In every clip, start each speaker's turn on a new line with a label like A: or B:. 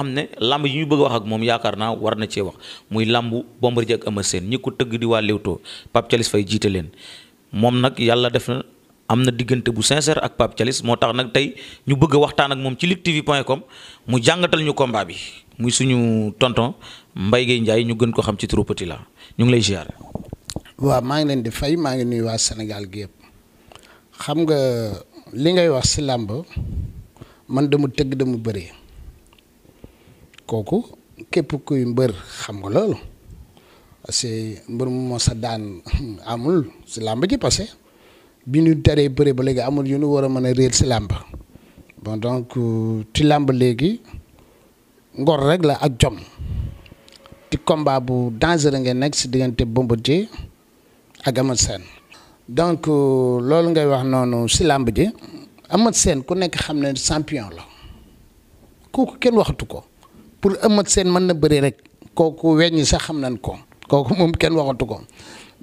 A: xam ne lamb yi ñu bëgg wax ak moom yaakaar naa war na cee wax muy lambu Bombardier ak ama seen ñi ko tëgg di waa Leewtoo Pape Thialis Faye jiite leen moom nag yàlla def na am na diggante bu sincère ak Pape Thialis moo tax nag tey ñu bëgg waxtaan ak moom ci luttetv.com mu jàngatal ñu combat bi muy suñu tonton Mbaye Guèye Ndiaye ñu gën ko xam ci trop petit ñu ngi lay ziar.
B: waaw maa ngi leen di fay maa ngi nuy waa senegal gi xam nga li ngay wax si làmb man dama tëgg dama bëree. kooku képp kuy mbër xam nga loolu parce mbër mu moo sa daan amul si làmb ji passé bi ñu teree bëre ba léegi amul yu ñu war a mën a réer si làmb bon donc ci làmb léegi ngor rek la ak jom ci combat bu dangereux ngeen nekk si diggante Bombardier ak Eumeu Sène donc loolu ngay wax noonu si làmb ji Eumeu seen ku nekk xam ne champion la kooku kenn waxatu ko pour ëmmat seen mën na bëri rek kooku weñ sax xam nañ ko kooku moom kenn waxatu ko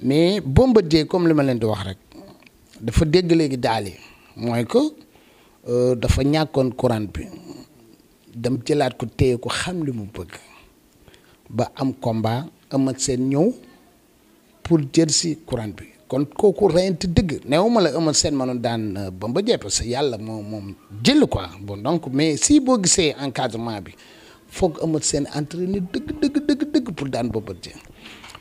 B: mais Bombardier comme li ma leen di wax dafa dégg léegi daal mooy que euh, dafa ñàkkoon courant bi dem jëlaat ko téye ko xam li mu bëgg ba am combat ëmmat seen ñëw pour jël si courant bi kon kooku reyante dëgg neewuma la ëmmat seen mënoon daan euh, Bombardier parce que yàlla moom moom jël boo gisee encadrement bi foog amat seen entraîné dëgg dëgg dëgg dëgg pour daan Bombardier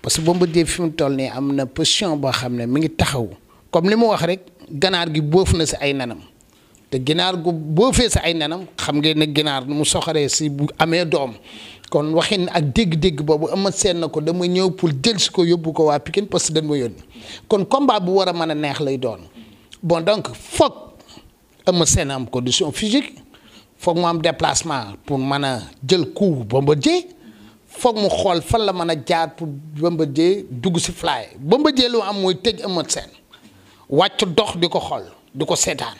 B: parce que Bombardier fi mu toll nii am na position boo xam ne mi ngi taxaw comme li mu wax rek ganaar gi boof na si ay nanam te ginaar gu boofee si ay nanam xam ngeen ne ginaar mu soxaree si bu amee doom kon waxin ak dégg-dégg boobu amat seen na ko dama ñëw pour jël si ko yóbbu ko waa Pikine parce que dañ ma yónni kon combat bu war a mën a neex lay doon bon donc foog amat seen am foog mu am déplacement pour mën a jël coup Bombardier foog mu xool fan la mën a jaar pour Bombardier dugg si fly Bombardier lu am mooy tëj Eumeu Sène wàcc dox di ko xool di ko seetaan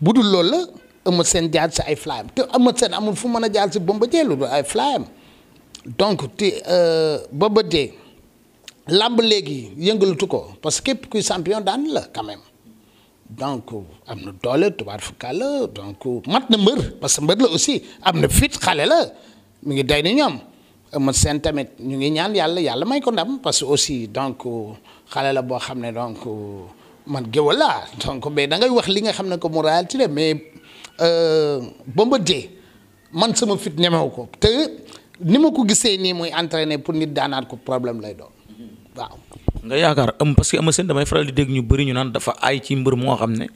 B: bu dul lool la Eumeu seen jaar si ay flyam te Eumeu seen amul fu mën a jaar si Bombardier lu dul ay flyam donc te euh, Bombardier làmb léegi yëngalatu ko parce que képp kuy champion daan la quand même donc am na doole tubaar fukkàlla donc mat na mbër parce que mbër la aussi am na fit xale la mu ngi day ni ñoom ma seen tamit ñu ngi ñaan yàlla yàlla may ko ndam parce que aussi donc xale la boo xam ne donc man géwël laa donc mais da ngay wax li nga xam ne que mu mais la mais euh, Bombardier man sama fit ñemewu ko te ni ma ko gisee nii muy entraîné pour nit daanaat ko problème lay doon waaw
A: nga yaakaar am parce que Eumeu Sène damay faral di dégg ñu bëri ñu naan dafa ay ci mbër moo xam ne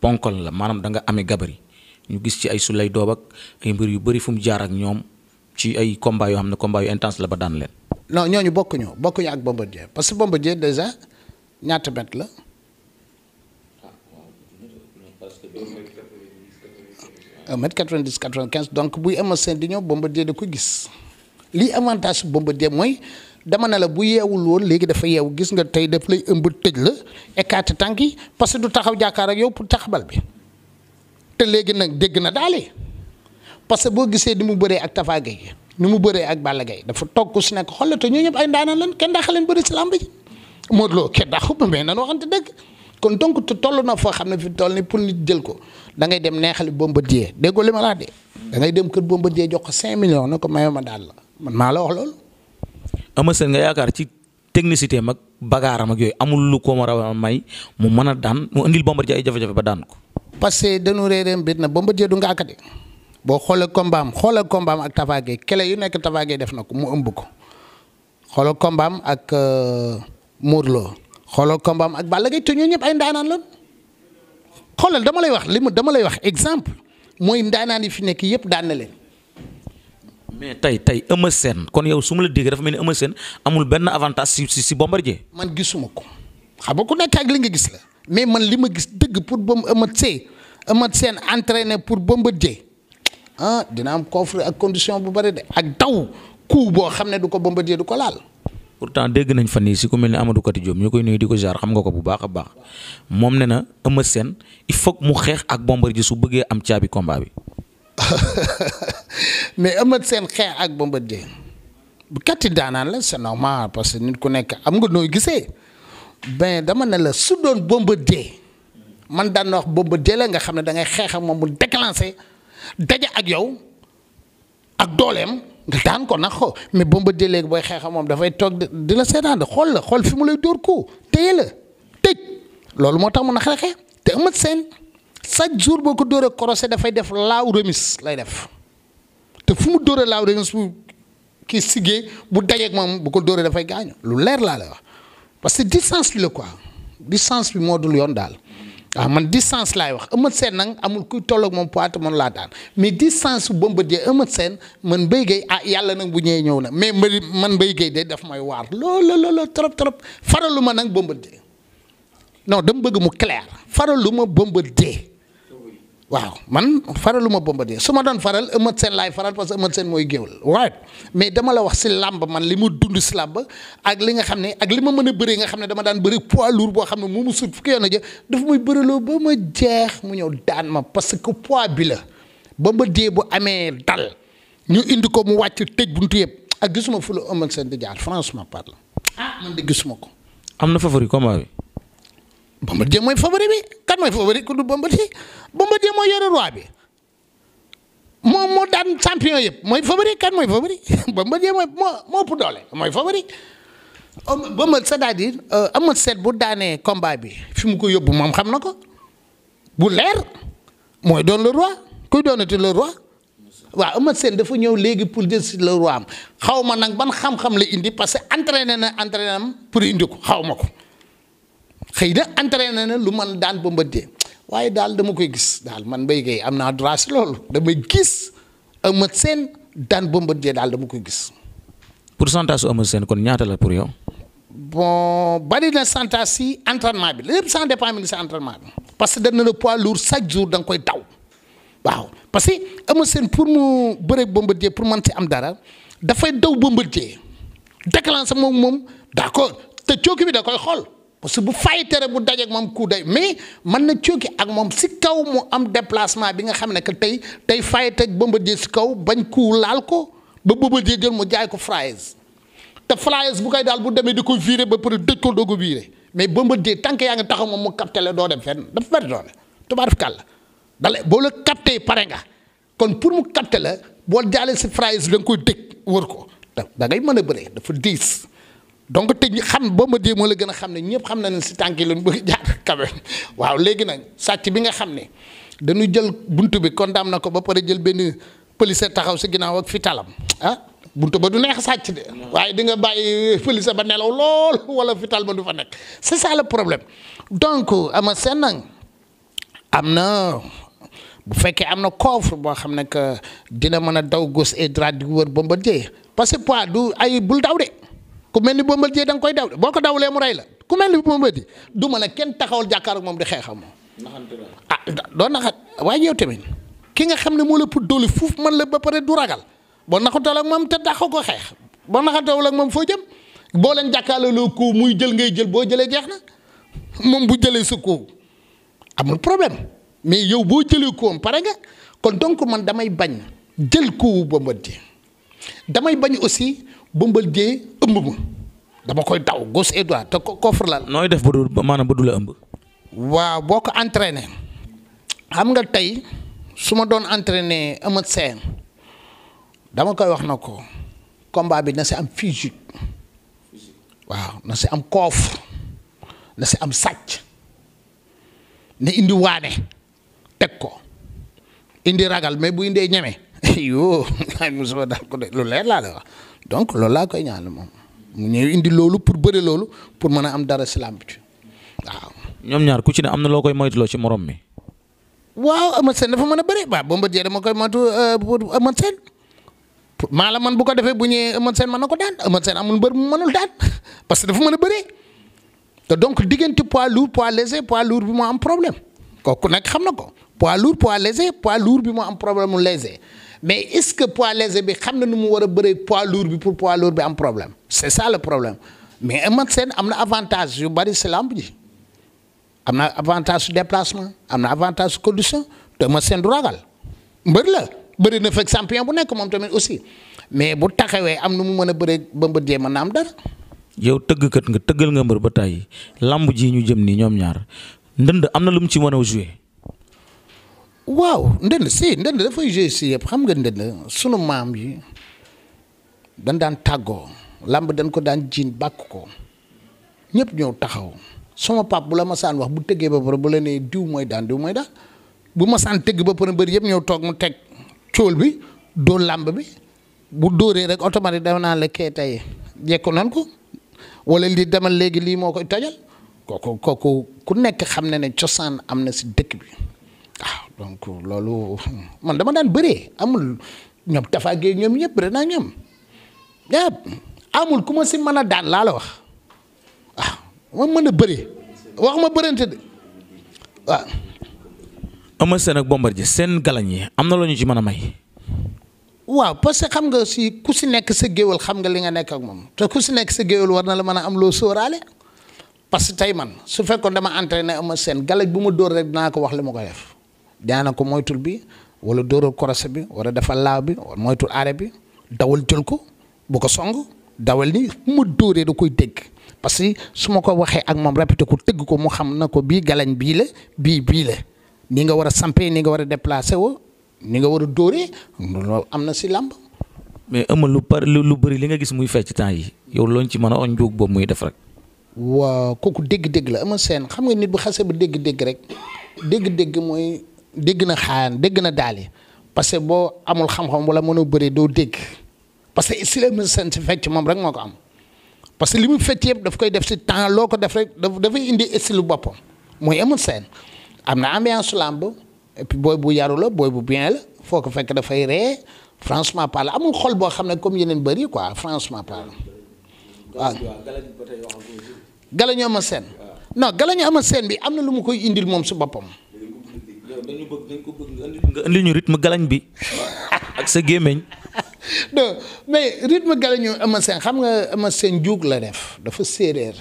A: ponkal la maanaam da nga amee gabari ñu gis ci ay sulay doob ak ay mbër yu bëri fu mu jaar ak ñoom ci ay combat yoo xam ne combat yu intense la ba daan leen.
B: non ñu bokkuñu bokkuñu ak Bombardier parce que Bombardier déjà ñaata bet la. un mètre quatre vingt quinze donc buy Eumeu Sène di ñëw Bombardier da ko gis lii avantage Bombardier mooy. dama ne la bu yeewul woon léegi dafa yeewu gis nga tey daf lay ëmb tëj la écarté tànk yi parce que du taxaw jàkkaar ak yow pour taxabal bi te léegi nag dégg na daale parce que boo gisee ni mu bëree ak Tapha Gueye ni mu bëree ak Balla Gaye dafa toog ku si nekk xoolal te ñooñu ñëpp ay ndaanaan lan kenn daax leen bëri si làmb ji Modou Lo kenn daaxu ba mais nan waxante dëgg kon donc te toll na foo xam ne fi toll ni pour nit jël ko da ngay dem neexali Bombardier déggoo li ma laa de da ngay dem kër Bombardier jox ko 5 millions na ko mayoo ma daal la
A: man maa la wax loolu. Eumeu Sène nga yaakaar ci technicité mag bagaaram ak yooyu amul lu ko war a may mu mën a daan mu indil Bombardier ay jafe-jafe ba daan ko.
B: parce que dañu réeréem na Bombardier du ngaakati boo xoolee kombaam xoolee kombaam ak Tapha Gueye yu nekk Tapha Gueye def na ko mu ëmb ko xoolee ak euh, Modou Lo xoolee kombaam ak Balla Gaye te ñoo ñëpp ay ndaanaan la xoolal dama lay wax li mu dama lay wax exemple mooy ndaanaan yi fi nekk yëpp daan na leen.
A: mais tey tey Eumeu Sène kon yow su ma la déggee dafa mel ni Eumeu Sène amul benn avantage si si si Bombardier.
B: man gisuma ko xam nga ku nekk ak li
A: nga gis la mais man li ma gis dëgg
B: pour ba mu Eumeu Sène Eumeu Sène entraîné pour Bombardier ah dina am coffre ak condition bu bëri de ak daw coup boo xam ne du ko Bombardier du ko laal.
A: pourtant dégg nañ fan yii si ku mel ne Amadou Kati Diop ñu koy nuyu di ko jaar xam nga ko bu baax a baax moom ne na Eumeu Sène il faut mu xeex ak Bombardier su bëggee am caabi combat bi.
B: mais Eumeu seen xeex ak Bombardier bu katti daanaan la c'est normal parce que nit ku nekk am nga nooy gisee ben dama ne la su doon Bombardier man daan na wax Bombardier la nga xam ne da ngay xeex ak moom mu déclenché daje ak yow ak dooleem nga daan ko nag xo mais Bombardier léegi booy xeex moom dafay toog di la seetaan de xool la xool fi mu lay dóor ko téye la tëj loolu moo tax mu a xeexee te Eumeu Sène chaque jour boo ko dóoree corosé dafay def laaw remise lay def te fu mu dóoree laaw remise bu kii siggee bu dajeek moom bu ko dóoree dafay gaañu lu leer laa lay wax parce que distance bi la quoi distance bi moo dul yoon daal waaw man distance laay wax Eumeu Sène nag amul ko tolloog moom poite man laa daan mais distance bu Bombardier Eumeu Sène man Mbaye Guèye ah yàlla nag bu ñëwee ñëw na mais mbari man bay Guèye de daf may waar loo looloo looloo trop trop faralu ma nag Bombardier non dama bëgg mu clair faralu ma Bombardier waaw man faraluma Bombardier su ma doon faral Eumeu Sène laay faral parce que seen mooy géew la waaye mais dama la wax si làmb man li ma dund si làmb ak li nga xam ne ak li ma mën a bëree nga xam ne dama daan bëri pois lour boo xam ne mu mu sut fukki yoon a jë dafa muy bëreloo ba ma jeex mu ñëw daan ma parce que pois bi la Bombardier bu amee dal ñu indi ko mu wàcc tëj buntu yëpp ak gisuma fu la Eumeu Sène di jaar franchement parlant ah man de gisuma ko.
A: am na favori combat
B: Bombardier mooy favori bi kan mooy favori ku du Bombardier Bombardier moo yore roi bi moo moo daan champion yëpp mooy favori kan mooy favori Bombardier mooy moo moo ëpp doole mooy favori. ba ma c'est-à-dire euh, Eumeu Sène bu daanee combat bi fi mu ko yóbbu moom xam na ko bu leer mooy doon le roi kuy doonati le roi waaw Eumeu Sène dafa ñëw léegi pour jël si la roi am xaw ma nag ban xam-xam la indi parce que entraîné na entraîné am pour indi ko xaw ma ko. xëy na entraîné na lu man daan Bombardier waaye daal dama koy gis daal man Mbaye Guèye am naa droit si loolu damay gis Eumeu Sène daan Bombardier daal dama koy gis.
A: pourcentage su Eumeu Sène kon ñaata la pour yow.
B: bon bari na santaas si entraînement bi lépp ça dépend mi ngi si entraînement bi. parce que dana na poids lourd chaque jour da nga koy daw waaw parce que Eumeu Sène pour mu bëre Bombardier pour man ci am dara dafay daw Bombardier déclenché moom moom d' accord te cooki bi da koy xool. parce que bu fay tere bu dajeeg moom ku day mais mën na cooki ak moom si kaw mu am déplacement bi nga xam ne que tey tey fay teg Bombardier si kaw bañ ku laal ko ba jee jël mu jaay ko Flyers te Flyers bu koy daal bu demee di ko viré ba pare dëj ko doog a viré mais Bombardier tant que yaa ngi taxaw moom mu capté la doo dem fenn dafa bari doole tubaarkalla dale boo la capté pare nga kon pour mu la boo jaalee si Flyers da koy dëj wër ko da ngay mën a bëree dafa diis. donc te xam ba ma dee moo la gën a xam ne ñëpp xam na ne si tànk yi lañ bëgg jaar quand waaw léegi nag sàcc bi nga xam ne dañu jël buntu bi condamné na ko ba pare jël benn police taxaw si ginnaaw ak fi talam ah buntu ba du neex sàcc de waaye di nga bàyyi police ba nelaw lool wala fital ba du fa nekk c'est ça le problème donc ama seen nag am na bu fekkee am na coffre boo xam ne que dina mën a daw gauche et droite di wër Bombardier parce que poids du ay bul daw de. ku mel ni Bombardier da nga koy daw boo ko lee mu rey la ku mel ni Bombardier du ma ne kenn taxawal jàkkaar ak moom di xeexam moom. ah doo naxat waaye yow tamit ki nga xam ne moo la pour doole fuuf man la ba pare du ragal boo naxantal ak moom te taxaw ko xeex boo naxantawul lag moom foo jëm boo leen jàkkaarloo ko muy jël ngay jël boo jëlee jeex na moom bu jëlee sa koow amul problème mais yow boo jëlee koom pare nga kon donc man damay bañ jël koowu Bombardier damay bañ aussi Bombardier ëmb ma dama koy daw gauche et te coffre la. nooy def ba du maanaam ba du la ëmb. waaw boo ko entraîné xam nga tey su ma doon entraîné Eumeu Sène dama koy wax na ko combat bi na si am physique waaw na si am coffre na si am sàcc na indi waane teg ko indi ragal mais bu indee ñeme. yo ay mosuma daal ko de lu leer laa lay wax donc loolu laa koy ñaan moom mu ñëw indi loolu pour bëre loolu pour mën a am dara si làmb ci
A: waaw. ñoom ñaar ku ci ne am na loo koy moytuloo ci morom mi.
B: waaw Eumeu Sène dafa mën a bëre waaw Bombardier dama koy moytu euh, la man bu ko defee bu ñëwee Eumeu Sène mën na ko daan Eumeu Sène amul mbër mu mënul daan parce que dafa mën a bëre te donc diggante poids lourd poids léger pois lourd bi moo am problème kooku nag xam na ko poids lourd poids léger poids lourd bi moo am problème mu léger mais est ce que poids léger bi xam na nu mu war a bëree poids lourd bi pour poids lourd bi am problème c' est ça le problème mais Eumeu Sène am na avantage yu bari si lamb ji am na avantage su déplacement am na avantage su condition te Eumeu Sène du ragal mbër la bëri na fekk champion bu nekk moom tamit aussi mais bu taxawee am nu mu mën a bëree ba mbër jee mën na am dara.
A: yow tëggkat nga tëggal nga mbër ba tàyyi lamb ji ñu jëm nii ñoom ñaar ndënd am na lu mu ci mën a joué
B: waaw ndënd si ndënd dafay joué si yëpp xam nga ndënd sunu maam yi dañ daan tàggoo làmb dañ ko daan jiin bàkk ko ñëpp ñëw taxaw suma pap bu la masaan wax bu tëggee ba pare bu la nee diw mooy daan diw mooy daan bu masaan tëgg ba pare bëri yëpp ñëw toog mu teg cóol bi dóor làmb bi bu dóoree rek automatique dama naan la kee tey jekku nan ko wala li demal léegi lii moo koy tajal kooku kooku ku nekk xam na ne cosaan am na si dëkk bi donc loolu man dama daan bëree amul ñoom tafaagee ñoom ñëpp bëri naa ñoom ñëpp amul ku ma si mën a daan laa la wax waaw ah, ma mën a bëree wax ma bërante de
A: waaw. Eumeu seen ak ji seen galañ yi am na loo ñu ci mën a may.
B: waaw parce que xam nga si ku si nekk sa géwél xam nga li nga nekk ak moom te ku si nekk sa géwél war na la mën a am loo sooraale parce que tey man su fekkoon dama entraîné Eumeu seen galaj bu ma dóor rek dinaa ko wax li ma ko def. daana ko moytul bi wala dóoral korose bi wala dafa laaw bi moytul aare bi dawal jël ko bu ko song dawal ni mu dóoree da koy dégg parce que su ma ko waxee ak moom répété ko tëgg ko mu xam na ko bii galañ bii la bii bii la ni nga war a sampee ni nga war a déplacé wo ni nga war a dóoree loolu am na si làmb
A: mais ëmma lu par lu bëri li nga gis muy fecc temps yi yow looñ ci mën a on njuug boobu muy def rek
B: waaw kooku dégg-dégg la ama seen xam nga nit bu xase dégg-dégg rek dégg-dégg mooy dégg na xaayaan dégg na daal parce que boo amul xam-xam wala mënoo bëri doo dégg parce que islam seen si fecc moom rek moo ko am parce que li mu fecc yëpp daf koy def si temps loo ko def rek dafay indi style boppam muy amul seen am na ambiance làmb et puis bu yaru la booy bu bien foo ko fekk dafay ree franchement parle amul xol boo xam ne comme yeneen bëri quoi franchement parle waaw. galañu ama seen non galañu ama seen bi am na lu mu koy indil moom si boppam.
A: dañu bëgg dañ ko bëgg nga indi ñu rythme galañ bi ak sa gémmiñ.
B: non mais rythme galañu ama seen xam nga ama seen njuug la def dafa séeréer.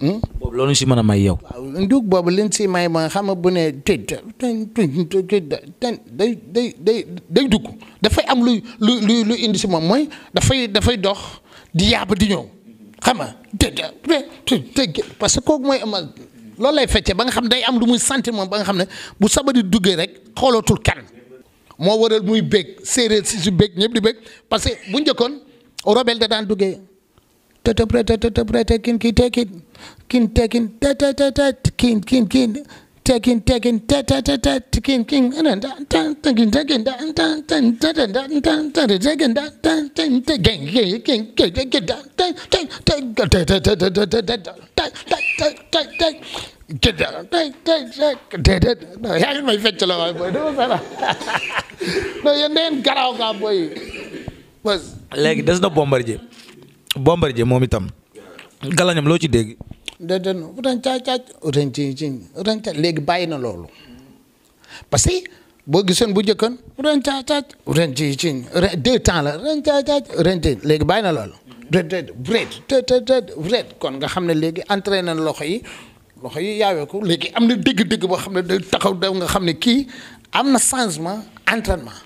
A: Hmm? loolu si mën a may yow. waaw
B: njuug boobu liñ si may ma xam nga bu ne tëj ten day day day day dugg dafay am lu luy lu indi si moom mooy dafay dafay dox di yaab di ñëw xam nga parce que kooku mooy ama loolu lay feccee ba nga xam day am lu muy sentir moom ba nga xam ne bu sabari duggee rek xoolootul kan moo waral muy bég séeréer si si bég ñëpp di bég parce que bu njëkkoon robel da daan duggee te te prete te te prete kin kii teekin kin teekin te te taking, taking, taking, king, and taking, taking, taking, yaa ngi may fecc la waay booy dama sara non yéen da ngeen garaaw kaa booy bës
A: léegi des na Bombardier Bombardier moom itam galañam loo ci dégg
B: déedéet utan caaj caaj utan ci ci utan caaj léegi bàyyi na loolu parce que boo gisoon bu njëkkoon utan caaj caaj utan ci ci deux temps la utan caaj caaj utan ci léegi bàyyi na loolu déedéet breed déedéet breed kon nga xam ne léegi entraîné na loxo yi loxo yi yaawee ko léegi am na dégg-dégg boo xam ne day taxaw daw nga xam ne kii am na changement entraînement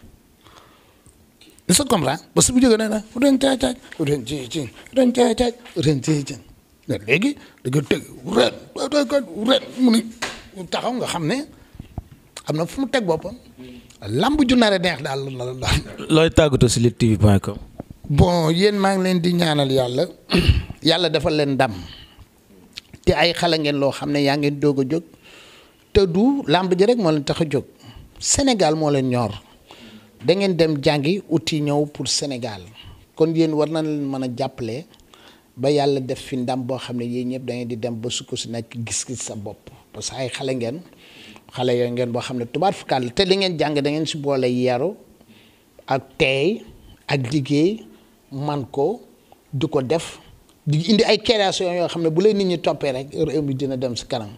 B: est-ce que tu comprends parce que bu jógee nee na utan caaj caaj utan ci ci utan caaj caaj utan ci ci mais léegi da nga tëgg ren mu ni taxaw nga xam ne am na fu mu teg boppam. làmb ju nare neex daal la daal.
A: looy tàggatoo si Lutte TV point
B: bon yéen maa ngi leen di ñaanal yàlla yàlla defal leen ndam te ay xale ngeen loo xam ne yaa ngeen doog a jóg te du làmb ji rek moo leen tax a jóg Sénégal moo leen ñor dangeen dem jàngi uti ñëw pour Sénégal kon yéen war na leen mën a jàppale ba yàlla def fi ndam boo xam ne yii ñëpp da ngeen di dem ba sukku si nekk gis-gis sa bopp parce que ay xale ngeen xale yooyu ngeen boo xam ne tubaab fukkal te li ngeen jàng da ngeen si boole yaru ak teey ak liggéey man ko du ko def di indi ay création yoo xam ne bu lay nit ñi toppee rek réew mi dina dem si kanam